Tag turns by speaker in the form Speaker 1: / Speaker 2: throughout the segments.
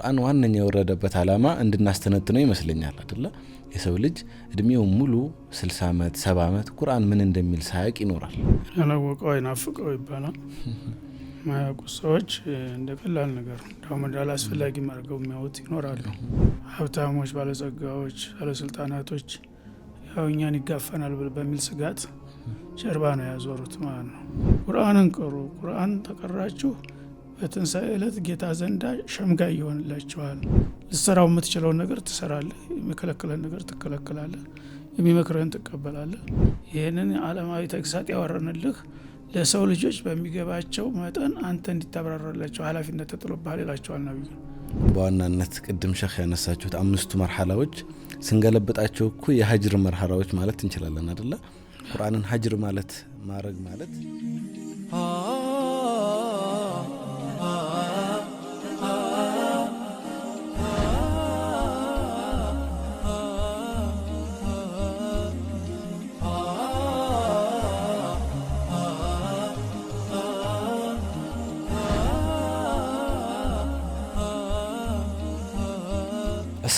Speaker 1: ቁርአን ዋነኛ የወረደበት ዓላማ እንድናስተነትነው ይመስለኛል አደለ? የሰው ልጅ እድሜው ሙሉ 60 ዓመት 70 ዓመት ቁርአን ምን እንደሚል ሳያቅ ይኖራል።
Speaker 2: ያላወቀው አይናፍቀው ይባላል። ማያውቁ ሰዎች እንደ ቀላል ነገር እንዳሁም እንዳላስፈላጊ ማድርገው የሚያወት ይኖራሉ። ሀብታሞች፣ ባለጸጋዎች፣ ባለስልጣናቶች ያው እኛን ይጋፈናል በሚል ስጋት ጀርባ ነው ያዞሩት ማለት ነው። ቁርአንን ቅሩ፣ ቁርአን ተቀራችሁ በትንሣኤ ዕለት ጌታ ዘንዳ ሸምጋይ ይሆንላቸዋል። ልሰራው የምትችለውን ነገር ትሰራለህ፣ የሚከለክለን ነገር ትከለክላለህ፣ የሚመክረን ትቀበላለህ። ይህንን ዓለማዊ ተግሳጥ ያወረንልህ ለሰው ልጆች በሚገባቸው መጠን አንተ እንዲታብራራላቸው ኃላፊነት ተጥሎብሃል ይላቸዋል ነቢዩ።
Speaker 1: በዋናነት ቅድም ሸህ ያነሳችሁት አምስቱ መርሐላዎች ስንገለብጣቸው እኮ የሀጅር መርሐላዎች ማለት እንችላለን አደለ? ቁርአንን ሀጅር ማለት ማድረግ ማለት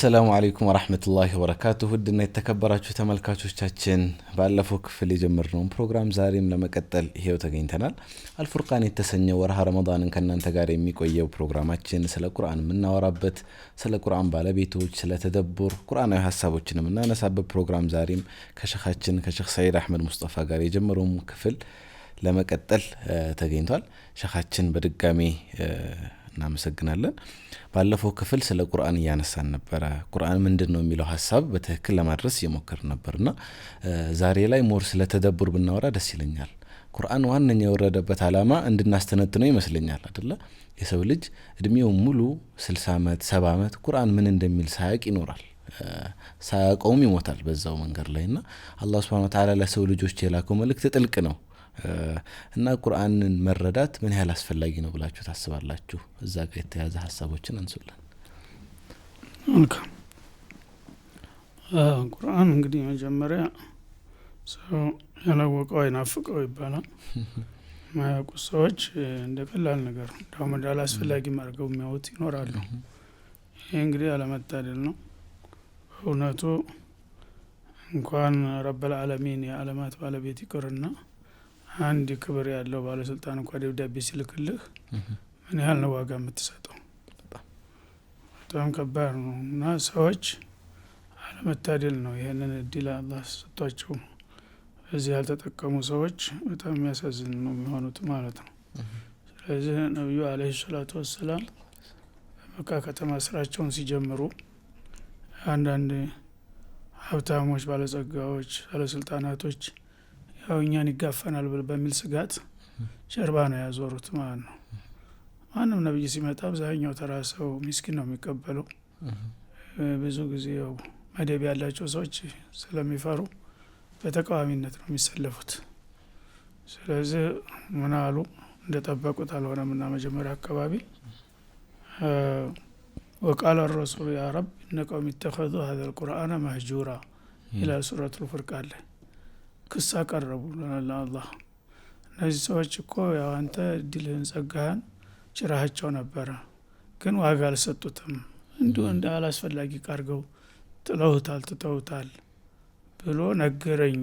Speaker 1: አሰላሙ አለይኩም ወረህመቱላሂ ወበረካቱ ውድና የተከበራችሁ ተመልካቾቻችን ባለፈው ክፍል የጀመርነውን ፕሮግራም ዛሬም ለመቀጠል ይሄው ተገኝተናል። አልፉርቃን የተሰኘው ወርሃ ረመዳንን ከእናንተ ጋር የሚቆየው ፕሮግራማችን ስለ ቁርአን የምናወራበት፣ ስለ ቁርአን ባለቤቶች፣ ስለ ተደቡር ቁርአናዊ ሀሳቦችን የምናነሳበት ፕሮግራም ዛሬም ከሸኻችን ከሸኽ ሰዒድ አሕመድ ሙስጠፋ ጋር የጀመረውን ክፍል ለመቀጠል ተገኝቷል። ሸኻችን በድጋሚ እናመሰግናለን። ባለፈው ክፍል ስለ ቁርአን እያነሳን ነበረ። ቁርአን ምንድን ነው የሚለው ሀሳብ በትክክል ለማድረስ እየሞከርን እና ዛሬ ላይ ሞር ስለ ተደቡር ብናወራ ደስ ይለኛል። ቁርአን ዋነኛ የወረደበት ዓላማ እንድናስተነትነው ይመስለኛል አደለ? የሰው ልጅ እድሜውን ሙሉ 60 ዓመት 70 ዓመት ቁርአን ምን እንደሚል ሳያቅ ይኖራል ሳያውቀውም ይሞታል በዛው መንገድ ላይ እና አላህ ስብሃነ ወተዓላ ለሰው ልጆች የላከው መልእክት ጥልቅ ነው። እና ቁርአንን መረዳት ምን ያህል አስፈላጊ ነው ብላችሁ ታስባላችሁ? እዛ ጋር የተያዘ ሀሳቦችን አንሱልን።
Speaker 2: ቁርአን እንግዲህ መጀመሪያ ሰው ያላወቀው አይናፍቀው ይባላል። ማያውቁ ሰዎች እንደ ቀላል ነገር እንዲሁም ወደ አስፈላጊ አድርገው የሚያወት ይኖራሉ። ይህ እንግዲህ አለመታደል ነው በእውነቱ። እንኳን ረበል አለሚን የአለማት ባለቤት ይቅርና አንድ ክብር ያለው ባለስልጣን እንኳ ደብዳቤ ሲልክልህ ምን ያህል ነው ዋጋ የምትሰጠው? በጣም ከባድ ነው እና ሰዎች አለመታደል ነው። ይህንን እድል አላህ ሰጥቷቸው እዚህ ያልተጠቀሙ ሰዎች በጣም የሚያሳዝን ነው የሚሆኑት ማለት ነው። ስለዚህ ነቢዩ አለይሂ ሰላቱ ወሰላም በመካ ከተማ ስራቸውን ሲጀምሩ አንዳንድ ሀብታሞች፣ ባለጸጋዎች፣ ባለስልጣናቶች ያው እኛን ይጋፈናል በሚል ስጋት ጀርባ ነው ያዞሩት ማለት ነው። ማንም ነብይ ሲመጣ አብዛኛው ተራ ሰው ሚስኪን ነው የሚቀበለው። ብዙ ጊዜ ያው መደብ ያላቸው ሰዎች ስለሚፈሩ በተቃዋሚነት ነው የሚሰለፉት። ስለዚህ ምን አሉ እንደጠበቁት አልሆነም እና መጀመሪያ አካባቢ ወቃለ ረሱሉ ያ ረብ እነ ቀውሚ ይተኸዙ ሀዘ ልቁርአነ መህጁራ ይላል ሱረቱል ክስ አቀረቡ ለአላህ። እነዚህ ሰዎች እኮ ያው አንተ ድልህን ጸጋህን ችራሃቸው ነበረ፣ ግን ዋጋ አልሰጡትም። እንዲሁ እንደ አላስፈላጊ ቃርገው ጥለውታል፣ ትተውታል ብሎ ነገረኝ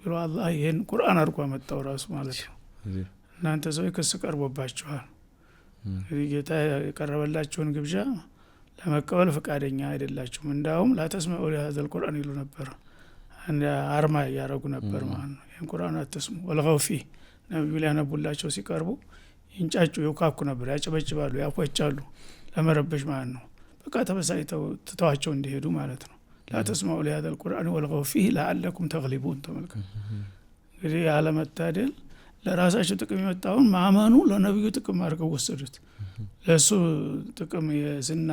Speaker 2: ብሎ አላህ ይህን ቁርአን አድርጎ መጣው ራሱ ማለት ነው። እናንተ ሰዎች ክስ ቀርቦባችኋል። እንግዲህ ጌታ የቀረበላችሁን ግብዣ ለመቀበል ፈቃደኛ አይደላችሁም። እንዳውም ላተስመዑ ሊሀዘል ቁርአን ይሉ ነበረ አርማ እያደረጉ ነበር ማለት ነው። ይህን ቁርአን አትስሙ ወልቀው ፊህ ነቢዩ ሊያነቡላቸው ሲቀርቡ ይንጫጩ ይውካኩ ነበር። ያጨበጭባሉ፣ ያኮቻሉ ለመረበሽ ማለት ነው። በቃ ተበሳጭተው ትተዋቸው እንዲሄዱ ማለት ነው። ላተስማዑ ሊያዘ ቁርአን ወልቀው ፊህ ለአለኩም ተግሊቡን። ተመልከቱ እንግዲህ ያለመታደል ለራሳቸው ጥቅም የመጣውን ማመኑ ለነቢዩ ጥቅም አድርገው ወሰዱት። ለእሱ ጥቅም የዝና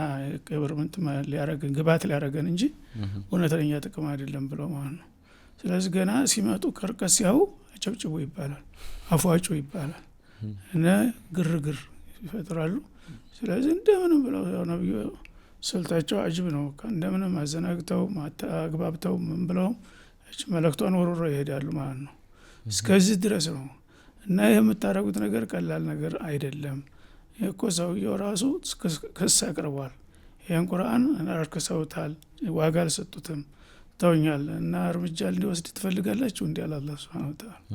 Speaker 2: ገቨርንመንት ሊያረገን ግባት ሊያረገን እንጂ እውነተኛ ጥቅም አይደለም ብሎ ማለት ነው። ስለዚህ ገና ሲመጡ ከርቀት ሲያው አጨብጭቡ ይባላል፣ አፏጩ ይባላል እነ ግርግር ይፈጥራሉ። ስለዚህ እንደምንም ብለው ነብዩ ስልታቸው አጅብ ነው። እንደምንም አዘናግተው አግባብተው ምን ብለው መለክቷን ወሮሮ ይሄዳሉ ማለት ነው። እስከዚህ ድረስ ነው እና ይህ የምታደርጉት ነገር ቀላል ነገር አይደለም። እኮ ሰውየው ራሱ ክስ አቅርቧል። ይህን ቁርአን አርክሰውታል፣ ዋጋ አልሰጡትም፣ ተውኛል እና እርምጃ እንዲወስድ ትፈልጋላችሁ? እንዲ አለ አላህ ሱብሓነሁ ወተዓላ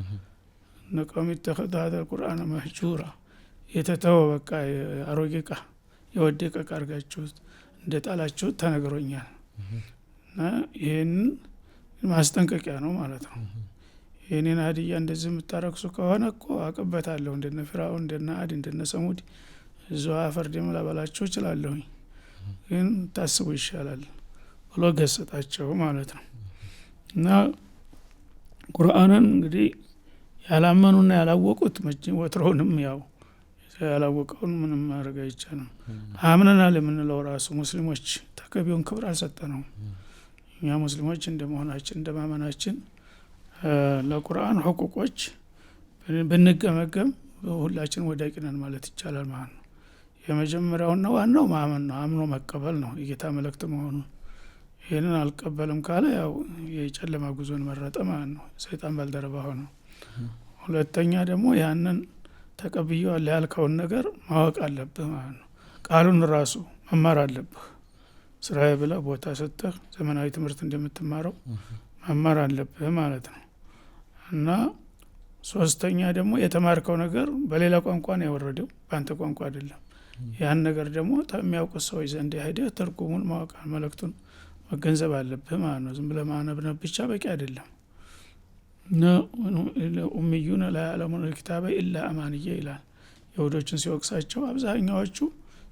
Speaker 2: ነቀም ይተኸዘ ሀዘል ቁርአን መህጁራ የተተወ በቃ አሮጌ ቃ የወደቀ ዕቃ እንደ ጣላችሁት ተነግሮኛል እና ይህን ማስጠንቀቂያ ነው ማለት ነው። የእኔን ሀዲያ እንደዚህ የምታረክሱ ከሆነ እኮ አቅበታለሁ እንደነ ፊራውን እንደነ አድ እንደነ ሰሙድ እዛ አፈር ደም ላበላቸው እችላለሁኝ፣ ግን ታስቡ ይሻላል ብሎ ገሰጣቸው ማለት ነው። እና ቁርአንን እንግዲህ ያላመኑና ያላወቁት ወትሮውንም ያው ያላወቀውን ምንም ማድረግ አይቻልም። አምነናል የምንለው ራሱ ሙስሊሞች ተገቢውን ክብር አልሰጠነውም። እኛ ሙስሊሞች እንደመሆናችን እንደማመናችን ለቁርአን ህቁቆች ብንገመገም ሁላችን ወዳቂ ነን ማለት ይቻላል ማለት ነው። የመጀመሪያውና ዋናው ማመን ነው፣ አምኖ መቀበል ነው የጌታ መልእክት መሆኑን። ይህንን አልቀበልም ካለ ያው የጨለማ ጉዞን መረጠ ማለት ነው፣ ሰይጣን ባልደረባ ሆነ። ሁለተኛ ደግሞ ያንን ተቀብየዋል ያልከውን ነገር ማወቅ አለብህ ማለት ነው። ቃሉን ራሱ መማር አለብህ። ስራዬ ብለህ ቦታ ሰጥተህ ዘመናዊ ትምህርት እንደምትማረው መማር አለብህ ማለት ነው። እና ሶስተኛ ደግሞ የተማርከው ነገር በሌላ ቋንቋ ነው የወረደው፣ በአንተ ቋንቋ አይደለም። ያን ነገር ደግሞ የሚያውቁት ሰዎች ዘንድ ሄደ ትርጉሙን ማወቅ መልእክቱን መገንዘብ አለብህ ማለት ነው። ዝም ብለህ ብቻ በቂ አይደለም። ኡሚዩነ ላያለሙን ልኪታበ ኢላ አማንየ ይላል። የሁዶችን ሲወቅሳቸው አብዛኛዎቹ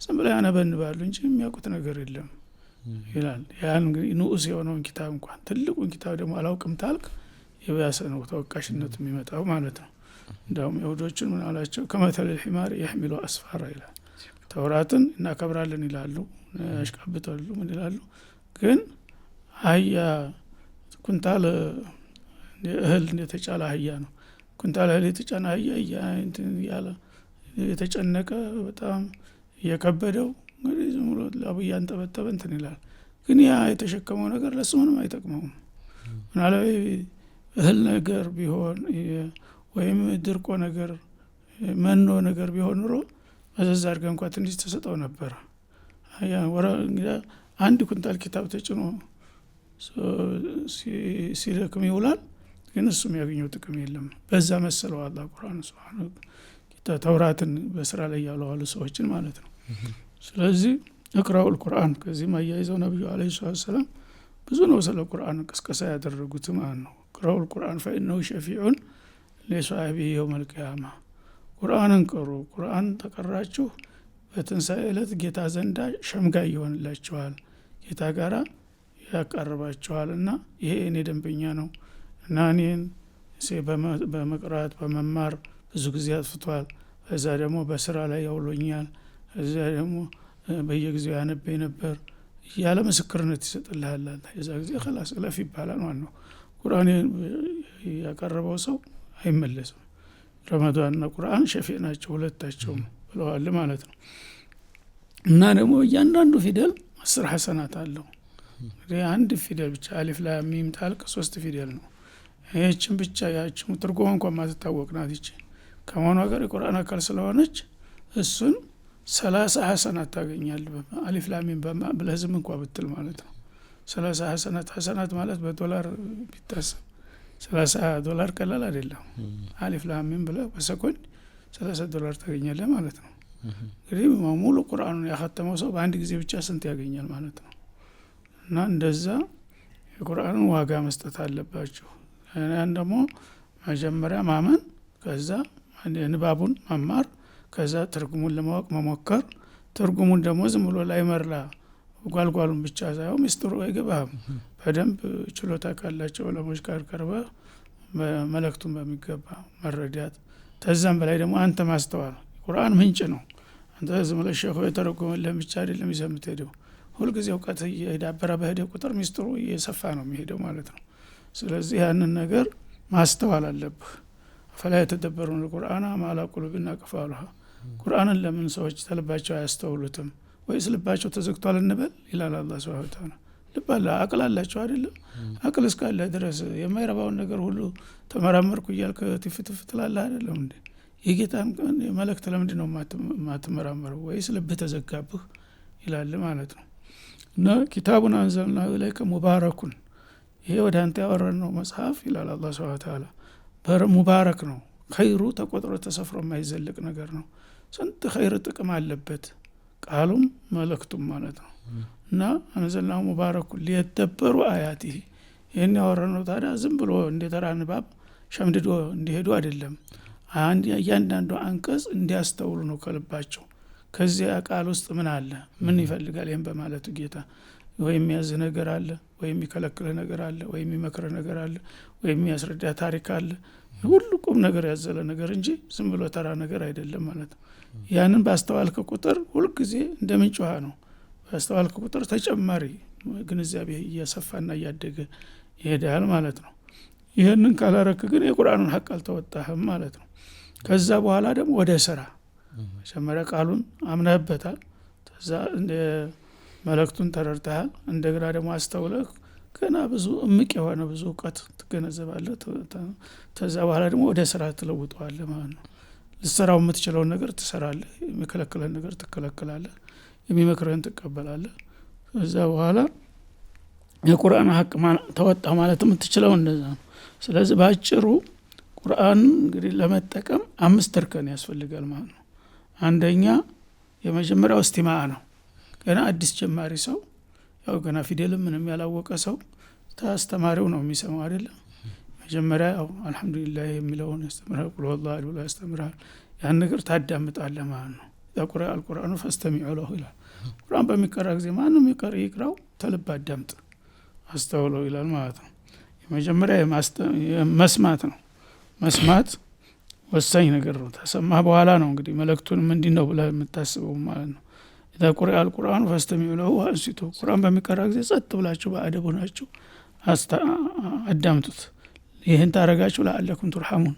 Speaker 2: ዝም ብለው ያነበንባሉ እንጂ የሚያውቁት ነገር የለም ይላል። ያን እንግዲህ ንዑስ የሆነውን ኪታብ እንኳን ትልቁን ኪታብ ደግሞ አላውቅም ታልክ የባሰ ነው ተወቃሽነት የሚመጣው ማለት ነው። እንዲሁም የሁዶችን ምን አላቸው? ከመተል ልሒማር የሕሚሉ አስፋራ ይላል። ተውራትን እናከብራለን ይላሉ፣ ያሽቃብጣሉ፣ ምን ይላሉ። ግን አህያ ኩንታል እህል የተጫለ አህያ ነው። ኩንታል እህል የተጫነ አህያ እያለ የተጨነቀ በጣም እየከበደው እንግዲህ ዝም ብሎ ላቡ እንትን ይላል። ግን ያ የተሸከመው ነገር ለሱ ምንም አይጠቅመውም ምናለ እህል ነገር ቢሆን ወይም ድርቆ ነገር መኖ ነገር ቢሆን ኑሮ መዘዝ አድርገ እንኳ ትንሽ ተሰጠው ነበረ። አንድ ኩንታል ኪታብ ተጭኖ ሲለክም ይውላል፣ ግን እሱ የሚያገኘው ጥቅም የለም። በዛ መሰለው አላህ ቁርአን ተውራትን በስራ ላይ ያለዋሉ ሰዎችን ማለት ነው። ስለዚህ እቅራውል ቁርአን ከዚህም አያይዘው ነቢዩ አለይሂ ሰላም ብዙ ነው ስለ ቁርአን ቅስቀሳ ያደረጉት ማለት ነው። ወቅረኡ ልቁርአን ፈኢነሁ ሸፊዑን ሊሷቢ የውም ልቅያማ ቁርአንን ቅሩ ቁርአን ተቀራችሁ በትንሣኤ ዕለት ጌታ ዘንዳ ሸምጋይ ይሆንላችኋል ጌታ ጋር ያቃርባችኋል እና ይሄ እኔ ደንበኛ ነው እና እኔን በመቅራት በመማር ብዙ ጊዜ አጥፍቷል እዛ ደግሞ በስራ ላይ ያውሎኛል እዛ ደግሞ በየጊዜው ያነበኝ ነበር እያለ ምስክርነት ይሰጥልሃል የዛ ጊዜ ከላስ እለፍ ይባላል ማለት ነው ቁርአንን ያቀረበው ሰው አይመለስም። ረመዷንና ቁርአን ሸፌ ናቸው ሁለታቸውም ብለዋል ማለት ነው። እና ደግሞ እያንዳንዱ ፊደል አስር ሐሰናት አለው። እንግዲህ አንድ ፊደል ብቻ አሊፍ ላሚም ታልቅ ሶስት ፊደል ነው። ይህችን ብቻ ያችን ትርጉም እንኳ ማትታወቅ ናት። ይች ከመሆኗ ጋር የቁርአን አካል ስለሆነች እሱን ሰላሳ ሐሰናት ታገኛል። አሊፍ ላሚም ብለህ ዝም እንኳ ብትል ማለት ነው ሰላሳ ሀሰናት ሀሰናት ማለት በዶላር ቢታሰብ ሰላሳ ዶላር ቀላል አይደለም። አሊፍ ላሚም ብለህ በሰኮንድ ሰላሳ ዶላር ታገኛለህ ማለት ነው። እንግዲህ ሙሉ ቁርአኑን ያኸተመው ሰው በአንድ ጊዜ ብቻ ስንት ያገኛል ማለት ነው። እና እንደዛ የቁርአኑን ዋጋ መስጠት አለባችሁ። ያን ደግሞ መጀመሪያ ማመን፣ ከዛ ንባቡን መማር፣ ከዛ ትርጉሙን ለማወቅ መሞከር። ትርጉሙን ደግሞ ዝም ብሎ ላይ መርላ ጓልጓሉን ብቻ ሳይሆን ምስጢሩ ይግባ በደንብ ችሎታ ካላቸው ዑለሞች ጋር ቀርበ መለክቱን በሚገባ መረዳት፣ ተዛም በላይ ደግሞ አንተ ማስተዋል። ቁርአን ምንጭ ነው። አንተ ዝም ብለህ ሸሆ የተረጎመልህን ብቻ አይደለም ይዘህ ሄደው ሁልጊዜ እውቀት እየዳበረ በሄደ ቁጥር ሚስጥሩ እየሰፋ ነው የሚሄደው ማለት ነው። ስለዚህ ያንን ነገር ማስተዋል አለብህ። አፈላ የተደበሩን ቁርአና ማላ ቁሉብና ቅፋሉሃ ቁርአንን ለምን ሰዎች ተልባቸው አያስተውሉትም? ወይስ ልባቸው ተዘግቷል እንበል ይላል አላ ስብን ታላ ልብ አለ አቅል አላቸው አይደለም። አቅል እስካለ ድረስ የማይረባውን ነገር ሁሉ ተመራመርኩ እያልክ ትፍትፍ ትላለ አይደለም እንዴ? የጌታን መልእክት ለምንድ ነው የማትመራመረው? ወይስ ልብህ ተዘጋብህ ይላል ማለት ነው። እና ኪታቡን አንዘልና ላይ ሙባረኩን፣ ይሄ ወደ አንተ ነው መጽሐፍ ይላል አላ ስብን ታላ ሙባረክ ነው። ከይሩ ተቆጥሮ ተሰፍሮ የማይዘልቅ ነገር ነው። ስንት ኸይር ጥቅም አለበት ቃሉም መልእክቱም ማለት ነው እና አንዘልናሁ ሙባረኩ ሊየተበሩ አያት ይሄ ይህን ያወረነው ታዲያ ዝም ብሎ እንደ ተራ ንባብ ሸምድዶ እንዲሄዱ አይደለም። እያንዳንዱ አንቀጽ እንዲያስተውሉ ነው ከልባቸው። ከዚያ ቃል ውስጥ ምን አለ፣ ምን ይፈልጋል፣ ይህም በማለቱ ጌታ ወይ የሚያዝህ ነገር አለ፣ ወይ የሚከለክልህ ነገር አለ፣ ወይ የሚመክርህ ነገር አለ፣ ወይ የሚያስረዳ ታሪክ አለ። ሁሉ ቁም ነገር ያዘለ ነገር እንጂ ዝም ብሎ ተራ ነገር አይደለም ማለት ነው። ያንን ባስተዋልክ ቁጥር ሁልጊዜ እንደ ምንጭ ውሃ ነው። ባስተዋልክ ቁጥር ተጨማሪ ግንዛቤ እያሰፋና እያደገ ይሄዳል ማለት ነው። ይህንን ካላረክ ግን የቁርአኑን ሀቅ አልተወጣህም ማለት ነው። ከዛ በኋላ ደግሞ ወደ ስራ መጀመሪያ ቃሉን አምነህበታል፣ ዛ መለክቱን ተረድተሃል። እንደገና ደግሞ አስተውለህ ገና ብዙ እምቅ የሆነ ብዙ እውቀት ትገነዘባለህ። ከዛ በኋላ ደግሞ ወደ ስራ ትለውጠዋለህ ማለት ነው። ልትሰራው የምትችለውን ነገር ትሰራለህ፣ የሚከለክለን ነገር ትከለክላለህ፣ የሚመክረን ትቀበላለህ። ከዛ በኋላ የቁርአን ሀቅ ተወጣ ማለት የምትችለው እነዛ ነው። ስለዚህ በአጭሩ ቁርአን እንግዲህ ለመጠቀም አምስት እርከን ያስፈልጋል ማለት ነው። አንደኛ የመጀመሪያው እስቲማ ነው። ገና አዲስ ጀማሪ ሰው ያው ገና ፊደልም ምንም ያላወቀ ሰው ታስተማሪው ነው የሚሰማው አይደለም መጀመሪያ ያው አልሐምዱሊላ የሚለውን ያስተምራል ቁል ብሎ ያስተምራል ያን ነገር ታዳምጣለ ማለት ነው ቁረ አልቁርአኑ ፈስተሚዑ ለሁ ይላል ቁርአን በሚቀራ ጊዜ ማንም ይቀር ይቅራው ተልብ አዳምጥ አስተውለው ይላል ማለት ነው የመጀመሪያ መስማት ነው መስማት ወሳኝ ነገር ነው ተሰማ በኋላ ነው እንግዲህ መለክቱን ምንድ ነው ብለ የምታስበው ማለት ነው ኢዛ ቁሪአ አልቁርአኑ ፈስተሚዑ ለሁ አንሲቶ ቁርአን በሚቀራ ጊዜ ጸጥ ብላችሁ በአደቡ ናችሁ አዳምጡት ይህን ታረጋችሁ ለአለኩም ቱርሐሙን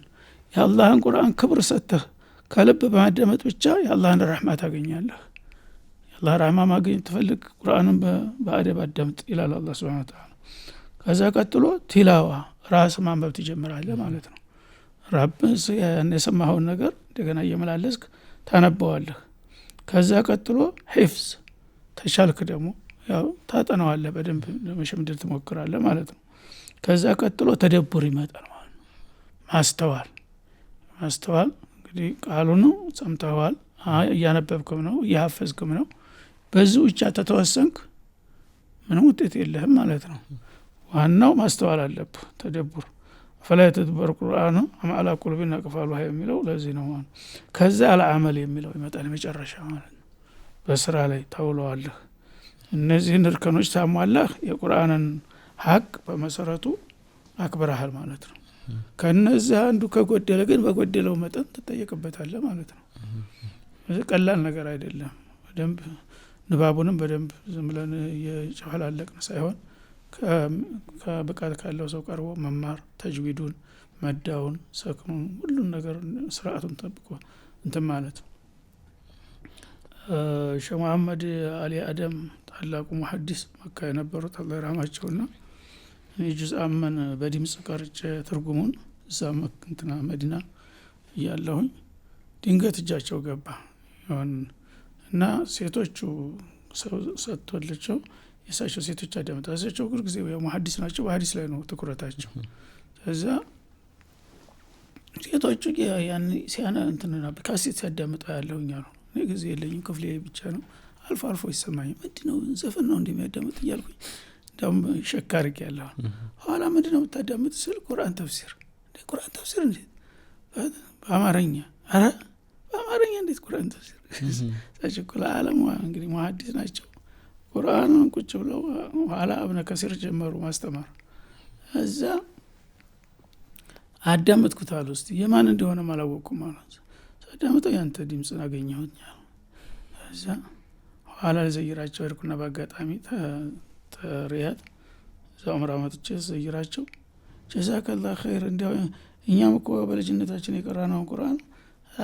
Speaker 2: የአላህን ቁርአን ክብር ሰጥተህ ከልብ በማደመጥ ብቻ የአላህን ረሕማ ታገኛለህ። የአላህ ረሕማ ማገኝ ትፈልግ ቁርአንን በአደብ አደምጥ ይላል አላ ስብን ታላ ከዛ ቀጥሎ ቲላዋ ራስ ማንበብ ትጀምራለህ ማለት ነው። ራብስ የሰማኸውን ነገር እንደገና እየመላለስክ ታነበዋለህ። ከዛ ቀጥሎ ሒፍዝ ተቻልክ ደግሞ ያው ታጠነዋለህ በደንብ ለመሸምደድ ትሞክራለህ ማለት ነው። ከዛ ቀጥሎ ተደቡር ይመጣል ማለት ነው። ማስተዋል ማስተዋል እንግዲህ ቃሉ ነው። ሰምተዋል፣ እያነበብክም ነው፣ እያሀፈዝክም ነው። በዚህ ብቻ ተተወሰንክ ምንም ውጤት የለህም ማለት ነው። ዋናው ማስተዋል አለብ ተደቡር ፈላይ የተድበር ቁርአኑ አምአላ ቁሉቢን አቅፋሉ የሚለው ለዚህ ነው። ከዛ አልአመል የሚለው ይመጣል የመጨረሻ ማለት ነው። በስራ ላይ ተውለዋለህ እነዚህን እርከኖች ታሟላህ የቁርአንን ሀቅ በመሰረቱ አክብረሃል ማለት ነው። ከነዚህ አንዱ ከጎደለ ግን በጎደለው መጠን ትጠየቅበታለ ማለት ነው። ቀላል ነገር አይደለም። በደንብ ንባቡንም በደንብ ዝም ብለን የጨፈላለቅን ሳይሆን ከብቃት ካለው ሰው ቀርቦ መማር ተጅዊዱን፣ መዳውን፣ ሰክኑን ሁሉን ነገር ስርአቱን ጠብቆ እንትን ማለት ሸ መሀመድ አሊ አደም ታላቁ ሙሐዲስ መካ የነበሩት አላህ የጁዝ አመን በድምፅ ቀርጭ ትርጉሙን እዛ መክንትና መዲና እያለሁኝ ድንገት እጃቸው ገባ ሆን እና ሴቶቹ ሰው ሰጥቶልቸው የሳቸው ሴቶች አዳመጣ ሳቸው ሁል ጊዜ ሀዲስ ናቸው። በሀዲስ ላይ ነው ትኩረታቸው። ከዛ ሴቶቹ ያን ሲያነ እንትንና ካሴት ሲያዳምጣ ያለሁኛ ነው እኔ ጊዜ የለኝም ክፍሌ ብቻ ነው አልፎ አልፎ ይሰማኝ ነው ዘፈን ነው እንደሚያዳምጥ እያልኩኝ እንዳውም ሸካ ያለሁ ኋላ ምንድ ነው የምታዳምጥ ስል ቁርአን ተፍሲር ቁርአን ተፍሲር እንዴት በአማርኛ አረ በአማርኛ እንዴት ቁርአን ተፍሲር ተችኩላ አለም እንግዲህ መሀዲስ ናቸው ቁርአኑን ቁጭ ብለው ኋላ አብነ ከሲር ጀመሩ ማስተማር እዛ አዳምጥኩታል ውስጥ የማን እንደሆነ አላወቅኩም ማለት አዳምጠው ያንተ ድምፅን አገኘሁት እዛ ኋላ ልዘይራቸው ሄድኩና በአጋጣሚ ሪያድ እዛ ዑምራ መጥቼ ዘይራቸው ጀዛከላ ኸይር እንዲያው እኛም እኮ በልጅነታችን የቀራነውን ቁርአን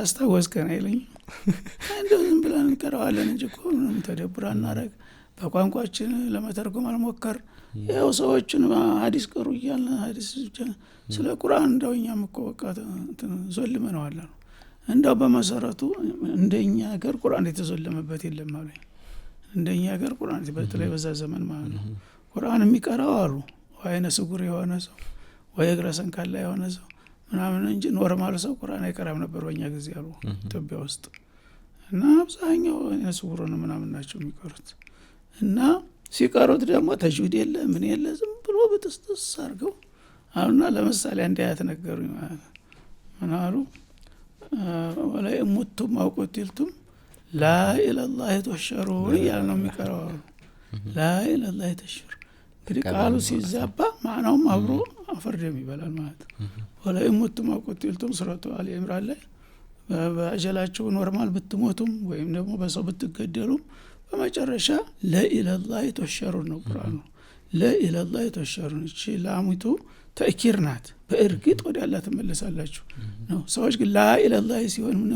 Speaker 2: አስታወስከን አይለኝ እንደው ዝም ብለን እንቀረዋለን እንጂ እኮ ምንም ተደብር አናረግ በቋንቋችን ለመተርጎም አልሞከር ያው ሰዎችን ሀዲስ ቀሩ እያለ ሀዲስ ስለ ቁርአን እንደው እኛም እኮ በቃ ዘልመነዋለ ነው። እንደው በመሰረቱ እንደኛ ሀገር ቁርአን የተዘለመበት የለም አሉኝ። እንደኛ ሀገር ቁርአን በተለይ በዛ ዘመን ማለት ነው ቁርአን የሚቀራው አሉ አይነ ስጉር የሆነ ሰው ወይ እግረ ሰንካላ የሆነ ሰው ምናምን እንጂ ኖርማል ሰው ቁርአን አይቀራም ነበር በእኛ ጊዜ አሉ ኢትዮጵያ ውስጥ እና አብዛኛው አይነ ነው ምናምን ናቸው የሚቀሩት እና ሲቀሩት ደግሞ ተጅዊድ የለ ምን የለ ዝም ብሎ በጥስጥስ አርገው አሉና ለምሳሌ አንድ አያት ነገሩኝ ማለት ነው አሉ ወላይ ሙቱም አውቆ ቲልቱም ላኢለላ ተሽሩን እያለ ነው የሚቀረው። ላኢለላ የተሸሩ እንግዲህ ቃሉ ሲዛባ ማዕናውም አብሮ አፈር ደም ይበላል ማለት ነው። ወለኢን ሙቱም አው ቁቲልቱም ሱረቱ ላይ በአጀላችሁ ኖርማል ብትሞቱም ወይም ደግሞ በሰው ብትገደሉም በመጨረሻ ለኢለላ ተሽሩን ነው ቁርአኑ። ለኢለላ ተሽሩን እቺ ለአሙቱ ተእኪር ናት። በእርግጥ ወደ አላህ ትመለሳላችሁ ነው። ሰዎች ግን ላኢለላ ሲሆን ምን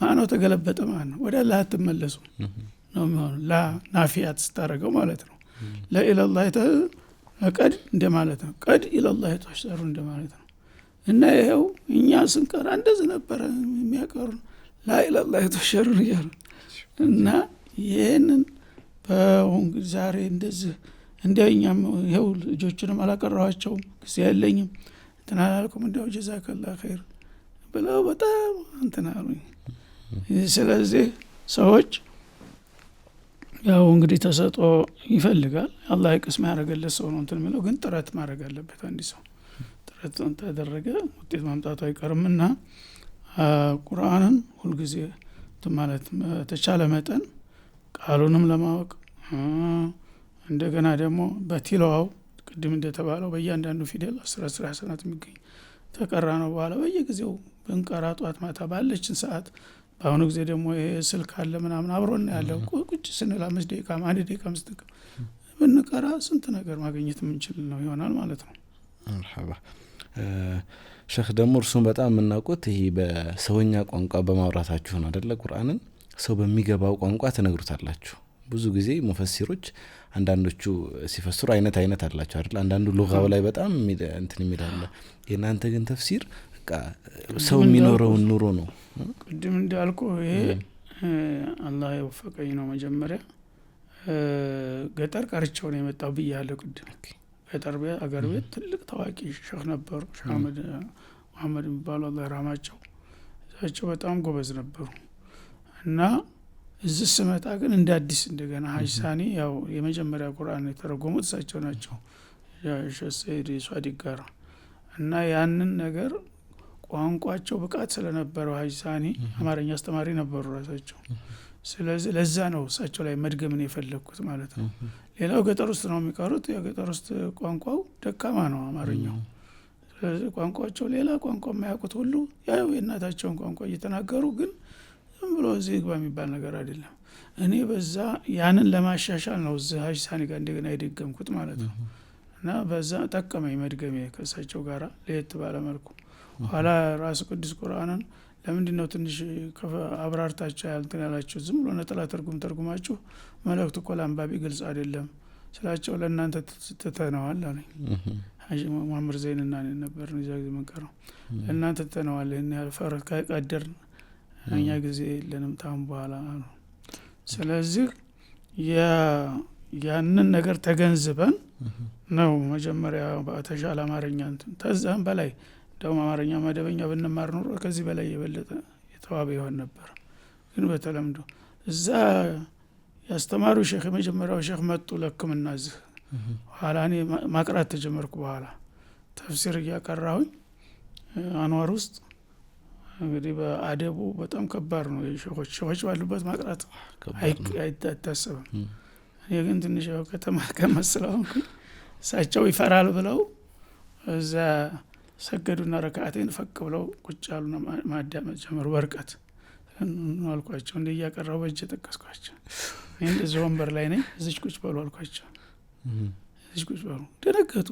Speaker 2: ማነው ተገለበጠ ማለት ነው። ወደ አላህ አትመለሱ ነው የሚሆኑ ላናፊያት ስታደረገው ማለት ነው። ለኢለላ ቀድ እንደ ማለት ነው። ቀድ ኢለላ ተሰሩ እንደ ማለት ነው። እና ይኸው እኛ ስንቀራ እንደዚህ ነበረ የሚያቀሩ ላኢለላ ተሸሩ እያሉ እና ይህንን በሁን ዛሬ እንደዚህ እንደ እኛም ይኸው ልጆችንም አላቀረኋቸውም ጊዜ የለኝም እንትን እንዲያው ጀዛከላ ኸይር ብለው በጣም እንትን አሉኝ። ስለዚህ ሰዎች ያው እንግዲህ ተሰጦ ይፈልጋል። አላ ቅስም ያደረገለት ሰው ነው እንትን የሚለው ግን ጥረት ማድረግ አለበት። አንዲ ሰው ጥረት ተደረገ ውጤት ማምጣቱ አይቀርም ና ቁርአንን ሁልጊዜ ት ማለት ተቻለ መጠን ቃሉንም ለማወቅ እንደገና ደግሞ በቲለዋው ቅድም እንደተባለው በእያንዳንዱ ፊደል አስራ አስራ ሰናት የሚገኝ ተቀራ ነው በኋላ በየጊዜው ብንቀራ ጠዋት ማታ ባለችን ሰአት በአሁኑ ጊዜ ደግሞ ይሄ ስልክ አለ ምናምን አብሮና ያለው ቁጭ ስንል አምስት ደቂቃ አንድ ደቂቃ አምስት ብንቀራ ስንት ነገር ማግኘት የምንችል ነው ይሆናል ማለት ነው። መርሐባ ሸክ ደግሞ እርሱን በጣም የምናውቁት ይህ በሰውኛ ቋንቋ በማውራታችሁ ነው አደለ? ቁርአንን ሰው በሚገባው ቋንቋ ትነግሩታላችሁ። ብዙ ጊዜ ሙፈሲሮች አንዳንዶቹ ሲፈስሩ አይነት አይነት አላቸው አይደል? አንዳንዱ ሉጋው ላይ በጣም እንትን የሚላለ የእናንተ ግን ተፍሲር በቃ ሰው የሚኖረውን ኑሮ ነው። ቅድም እንዳልኩ ይሄ አላህ የወፈቀኝ ነው። መጀመሪያ ገጠር ቀርቸው ነው የመጣው ብያለሁ። ቅድም ገጠር አገር ቤት ትልቅ ታዋቂ ሸህ ነበሩ፣ ሸህ መሐመድ የሚባሉ አላህ ራማቸው። እሳቸው በጣም ጎበዝ ነበሩ እና እዚህ ስመጣ ግን እንደ አዲስ እንደገና ሀጅ ሳኒ ያው የመጀመሪያ ቁርአን የተረጎሙት እሳቸው ናቸው፣ ሼህ ሰይድ ሷዲቅ ጋራ እና ያንን ነገር ቋንቋቸው ብቃት ስለነበረው ሀጅ ሳኒ አማርኛ አስተማሪ ነበሩ ራሳቸው። ስለዚህ ለዛ ነው እሳቸው ላይ መድገምን የፈለግኩት ማለት ነው። ሌላው ገጠር ውስጥ ነው የሚቀሩት። የገጠር ውስጥ ቋንቋው ደካማ ነው አማርኛው። ስለዚህ ቋንቋቸው ሌላ ቋንቋ የማያውቁት ሁሉ ያው የእናታቸውን ቋንቋ እየተናገሩ ግን ዝም ብሎ እዚህ ግባ የሚባል ነገር አይደለም። እኔ በዛ ያንን ለማሻሻል ነው እዚህ ሀጅ ሳኒ ጋር እንደገና የደገምኩት ማለት ነው። እና በዛ ጠቀመኝ መድገሜ ከእሳቸው ጋራ ለየት ባለ መልኩ ኋላ ራሱ ቅዱስ ቁርአንን ለምንድ ነው ትንሽ አብራርታቸው ያልትን ያላችሁ? ዝም ብሎ ነጠላ ትርጉም ተርጉማችሁ መልእክቱ እኮ ለአንባቢ ግልጽ አይደለም ስላቸው ለእናንተ ትተነዋል አለኝ። ሙሐመድ ዘይን እና ነበር እዚያ ጊዜ መንቀረው ለእናንተ ትተነዋል። ይህን ያህል ፈረ ከቀደርን እኛ ጊዜ የለንም ታሁን በኋላ አሉ። ስለዚህ ያንን ነገር ተገንዝበን ነው መጀመሪያ በተሻለ አማርኛ ተዛም በላይ እንዲሁም አማርኛ መደበኛ ብንማር ኑሮ ከዚህ በላይ የበለጠ የተዋበ ይሆን ነበር። ግን በተለምዶ እዛ ያስተማሩ ሼክ የመጀመሪያው ሼክ መጡ ለክምና እዚህ ኋላ እኔ ማቅራት ተጀመርኩ። በኋላ ተፍሲር እያቀራሁኝ አንዋር ውስጥ እንግዲህ በአደቡ በጣም ከባድ ነው። ሼኮች ሼኮች ባሉበት ማቅራት አይታሰብም። እኔ ግን ትንሽ ከተማ ከመስለው እሳቸው ይፈራል ብለው እዛ ሰገዱና ረካዓቴን ፈቅ ብለው ቁጭ ያሉና ማዳመጥ ጀመሩ። በርቀት አልኳቸው፣ እንደ እያቀረቡ በእጅ ጠቀስኳቸው። ይህን እንደዚህ ወንበር ላይ ነኝ፣ እዚች ቁጭ በሉ አልኳቸው። እዚች ቁጭ በሉ ደነገጡ።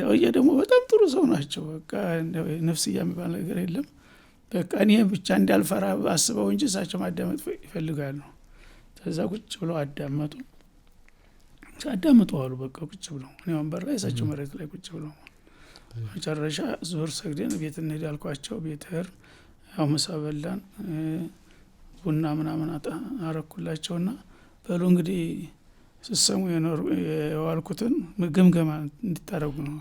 Speaker 2: ያውየ ደግሞ በጣም ጥሩ ሰው ናቸው። በቃ ነፍስያ የሚባል ነገር የለም። በቃ እኔ ብቻ እንዳልፈራ አስበው እንጂ እሳቸው ማዳመጥ ይፈልጋሉ። ከዛ ቁጭ ብለው አዳመጡ አዳምጡ አሉ። በቃ ቁጭ ብለው እኔ ወንበር ላይ እሳቸው መሬት ላይ ቁጭ ብለው መጨረሻ ዙር ሰግደን ቤት እንሄድ ያልኳቸው ቤት ህር ያው ምሳ በላን፣ ቡና ምናምን አረኩላቸው ና በሉ እንግዲህ ስሰሙ የዋልኩትን ግምገማ እንዲታደረጉ ነው።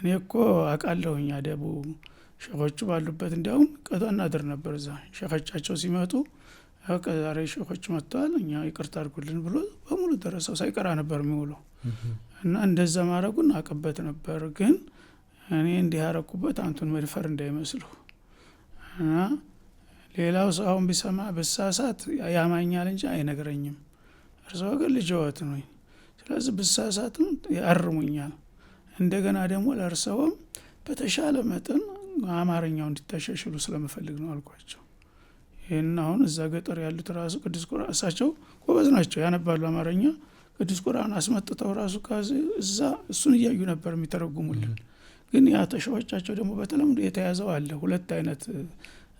Speaker 2: እኔ እኮ አቃለሁኝ አደቡ ሸኾቹ ባሉበት እንዲያውም ቀጣ እናድር ነበር። እዛ ሸኾቻቸው ሲመጡ ዛሬ ሸኾች መጥተዋል፣ እኛ ይቅርታ አድርጉልን ብሎ በሙሉ ደረሰው ሳይቀራ ነበር የሚውለው እና እንደዛ ማድረጉን አቅበት ነበር ግን እኔ እንዲህ ያረኩበት አንቱን መድፈር እንዳይመስሉ እና ሌላው ሰው አሁን ቢሰማ ብሳሳት ያማኛል እንጂ አይነግረኝም። እርስዎ ግን ልጅዎት ነው። ስለዚህ ብሳሳትም ያርሙኛል። እንደገና ደግሞ ለእርስዎም በተሻለ መጠን አማርኛው እንዲታሻሽሉ ስለምፈልግ ነው አልኳቸው። ይህን አሁን እዛ ገጠር ያሉት ራሱ ቅዱስ ቁርአን እሳቸው ጎበዝ ናቸው፣ ያነባሉ አማርኛ። ቅዱስ ቁርአን አስመጥተው ራሱ ከዚህ እዛ እሱን እያዩ ነበር የሚተረጉሙልን ግን ያ ተሻዎቻቸው ደግሞ በተለምዶ የተያዘው አለ። ሁለት አይነት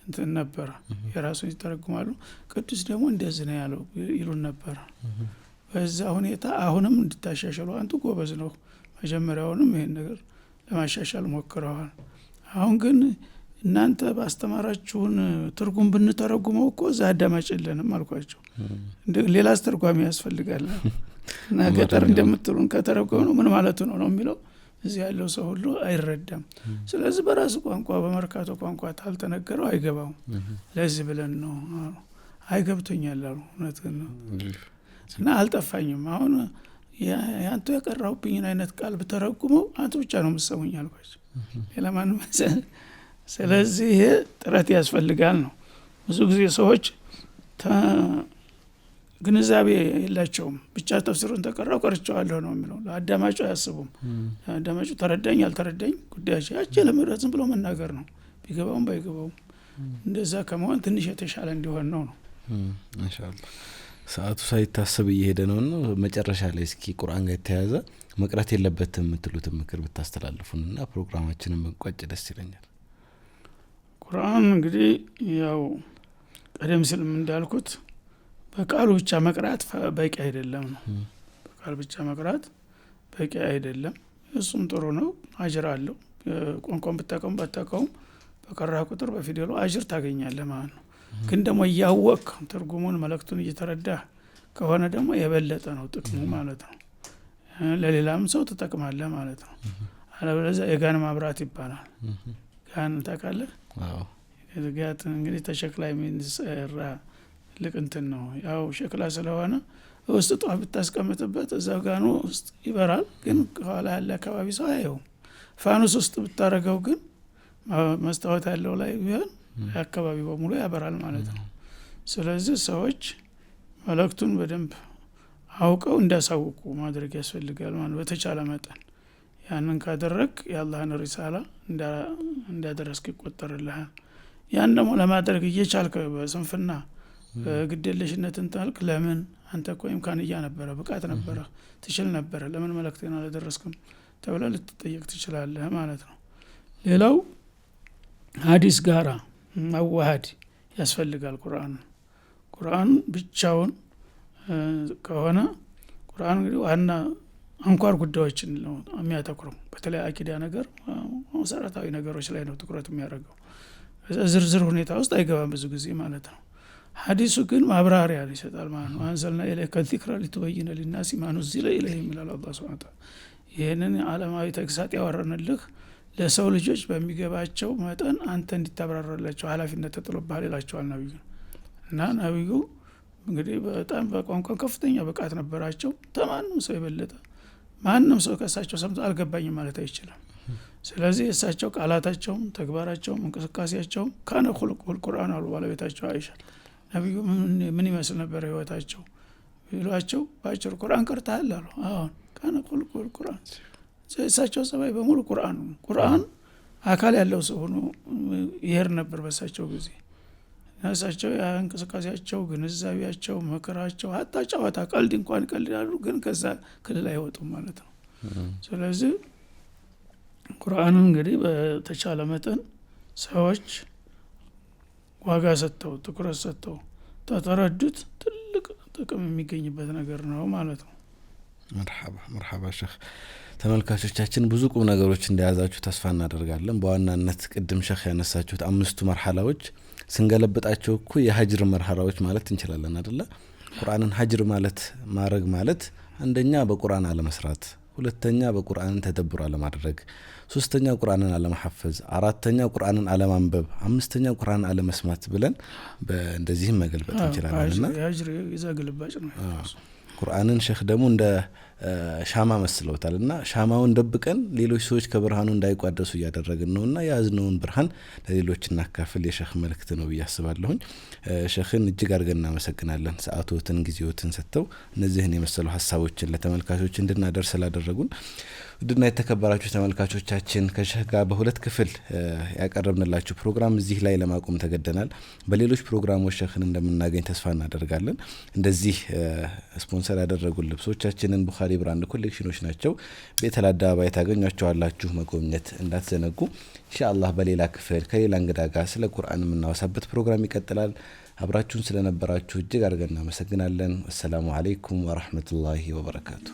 Speaker 2: እንትን ነበረ፣ የራሱን ይተረጉማሉ። ቅዱስ ደግሞ እንደዚህ ነው ያለው ይሉን ነበረ። በዛ ሁኔታ አሁንም እንድታሻሸሉ አንቱ ጎበዝ ነው፣ መጀመሪያውንም ይሄን ነገር ለማሻሻል ሞክረዋል። አሁን ግን እናንተ በአስተማራችሁን ትርጉም ብንተረጉመው እኮ እዛ አዳማጭ የለንም አልኳቸው። ሌላ አስተርጓሚ ያስፈልጋል እና ገጠር እንደምትሉን ከተረጎም ነው ምን ማለቱ ነው ነው የሚለው እዚህ ያለው ሰው ሁሉ አይረዳም። ስለዚህ በራሱ ቋንቋ በመርካቶ ቋንቋ ታልተነገረው አይገባው ለዚህ ብለን ነው አይገብቶኛል አሉ። እውነት ነው እና አልጠፋኝም። አሁን አንቱ የቀራሁብኝን አይነት ቃል ብተረጉመው አንቱ ብቻ ነው የምትሰሙኝ አልኳቸው። ሌላ ስለዚህ ጥረት ያስፈልጋል ነው ብዙ ጊዜ ሰዎች ግንዛቤ የላቸውም። ብቻ ተፍሲሩን ተቀረው ቀርቸዋለሁ ነው የሚለው። ለአዳማጩ አያስቡም። አዳማጩ ተረዳኝ አልተረዳኝ ጉዳያቸው ያቸ ለመድረት ዝም ብሎ መናገር ነው፣ ቢገባውም ባይገባውም። እንደዛ ከመሆን ትንሽ የተሻለ እንዲሆን ነው ነው ኢንሻአላህ። ሳይታሰብ እየሄደ ነው ና መጨረሻ ላይ እስኪ ቁርአን ጋር የተያያዘ መቅረት የለበትም የምትሉትን ምክር ብታስተላልፉን እና ፕሮግራማችንን መቋጭ ደስ ይለኛል። ቁርአን እንግዲህ ያው ቀደም ሲልም እንዳልኩት በቃሉ ብቻ መቅራት በቂ አይደለም ነው። በቃል ብቻ መቅራት በቂ አይደለም። እሱም ጥሩ ነው፣ አጅር አለው። ቋንቋን ብጠቀሙ ባጠቀሙ በቀራ ቁጥር በፊደሉ አጅር ታገኛለህ ማለት ነው። ግን ደግሞ እያወቅ ትርጉሙን መለክቱን እየተረዳ ከሆነ ደግሞ የበለጠ ነው ጥቅሙ ማለት ነው። ለሌላም ሰው ትጠቅማለህ ማለት ነው። አለበለዚያ የጋን ማብራት ይባላል። ጋን ታውቃለህ? ጋት እንግዲህ ተሸክላ የሚሰራ ትልቅ እንትን ነው። ያው ሸክላ ስለሆነ ውስጥ ጧፍ ብታስቀምጥበት እዛ ጋኑ ውስጥ ይበራል፣ ግን ከኋላ ያለ አካባቢ ሰው አየውም። ፋኑስ ውስጥ ብታረገው ግን መስታወት ያለው ላይ ቢሆን አካባቢ በሙሉ ያበራል ማለት ነው። ስለዚህ ሰዎች መልእክቱን በደንብ አውቀው እንዲያሳውቁ ማድረግ ያስፈልጋል ማለት በተቻለ መጠን ያንን ካደረግ የአላህን ሪሳላ እንዳደረስክ ይቆጠርልሃል። ያን ደግሞ ለማድረግ እየቻልከ በስንፍና ግዴለሽነትን ጣልክ ለምን? አንተ እኮ ኢምካንያ ነበረ፣ ብቃት ነበረ፣ ትችል ነበረ፣ ለምን መለክትን አልደረስክም ተብለ ልትጠየቅ ትችላለህ ማለት ነው። ሌላው ሀዲስ ጋራ መዋሀድ ያስፈልጋል። ቁርአን ቁርአን ብቻውን ከሆነ ቁርአን እንግዲህ ዋና አንኳር ጉዳዮችን ነው የሚያተኩረው። በተለይ አቂዳ ነገር መሰረታዊ ነገሮች ላይ ነው ትኩረት የሚያደርገው። ዝርዝር ሁኔታ ውስጥ አይገባም ብዙ ጊዜ ማለት ነው። ሀዲሱ ግን ማብራሪያ ይሰጣል ማለት ነው። አንዘልና ኢለይከ ዚክረ ሊትበይነ ሊናሲ ማ ኑዚለ ኢለይሂም ይላል አላ ሱብሓነሁ ወተዓላ። ይህንን ዓለማዊ ተግሳጥ ያወረንልህ ለሰው ልጆች በሚገባቸው መጠን አንተ እንዲታብራራላቸው ኃላፊነት ተጥሎብሃል ይላቸዋል ነቢዩ እና ነቢዩ እንግዲህ በጣም በቋንቋ ከፍተኛ ብቃት ነበራቸው። ተማንም ሰው የበለጠ ማንም ሰው ከእሳቸው ሰምቶ አልገባኝም ማለት አይችልም። ስለዚህ እሳቸው ቃላታቸውም፣ ተግባራቸውም፣ እንቅስቃሴያቸውም ካነ ሁልቁል ቁርአን አሉ ባለቤታቸው አይሻል ነቢዩ ምን ይመስል ነበር ህይወታቸው ቢሏቸው በአጭር ቁርአን ቀርተሃል አሉ። አሁን ካነ ቁልቁል ቁርአን እሳቸው ጸባይ በሙሉ ቁርአን ቁርአን አካል ያለው ሰው ሆኖ ይሄር ነበር በእሳቸው ጊዜ እሳቸው እንቅስቃሴያቸው፣ ግንዛቤያቸው፣ ምክራቸው ሀታ ጨዋታ ቀልድ እንኳን ቀልዳሉ፣ ግን ከዛ ክልል አይወጡም ማለት ነው። ስለዚህ ቁርአንን እንግዲህ በተቻለ መጠን ሰዎች ዋጋ ሰጥተው ትኩረት ሰጥተው ተተረዱት ትልቅ ጥቅም የሚገኝበት ነገር ነው ማለት ነው። መርሓባ መርሓባ ሸህ ተመልካቾቻችን ብዙ ቁም ነገሮች እንደያዛችሁ ተስፋ እናደርጋለን። በዋናነት ቅድም ሸህ ያነሳችሁት አምስቱ መርሓላዎች ስንገለብጣቸው እኮ የሀጅር መርሓላዎች ማለት እንችላለን አደለ? ቁርአንን ሀጅር ማለት ማድረግ ማለት አንደኛ በቁርአን አለመስራት ሁለተኛ በቁርአንን ተደብሮ አለማድረግ፣ ሶስተኛ ቁርአንን አለማሐፈዝ፣ አራተኛ ቁርአንን አለማንበብ፣ አምስተኛ ቁርአንን አለመስማት ብለን እንደዚህም መገልበጥ እንችላለን። ቁርአንን ሼህ ደግሞ እንደ ሻማ መስለውታል እና ሻማውን ደብቀን ሌሎች ሰዎች ከብርሃኑ እንዳይቋደሱ እያደረግን ነው እና የያዝነውን ብርሃን ለሌሎች እናካፍል የሸህ መልእክት ነው ብዬ አስባለሁኝ። ሼህን እጅግ አድርገን እናመሰግናለን። ሰዓቶትን ጊዜዎትን ሰጥተው እነዚህን የመሰሉ ሀሳቦችን ለተመልካቾች እንድናደርስ ስላደረጉን ውድና የተከበራችሁ ተመልካቾቻችን ከሸህ ጋር በሁለት ክፍል ያቀረብንላችሁ ፕሮግራም እዚህ ላይ ለማቆም ተገደናል። በሌሎች ፕሮግራሞች ሸህን እንደምናገኝ ተስፋ እናደርጋለን። እንደዚህ ስፖንሰር ያደረጉን ልብሶቻችንን ቡኻሪ ብራንድ ኮሌክሽኖች ናቸው። ቤተል አደባባይ ታገኟቸዋላችሁ። መጎብኘት እንዳትዘነጉ። ኢንሻአላህ በሌላ ክፍል ከሌላ እንግዳ ጋር ስለ ቁርአን የምናወሳበት ፕሮግራም ይቀጥላል። አብራችሁን ስለነበራችሁ እጅግ አድርገን እናመሰግናለን። አሰላሙ አለይኩም ወረህመቱላሂ ወበረካቱ።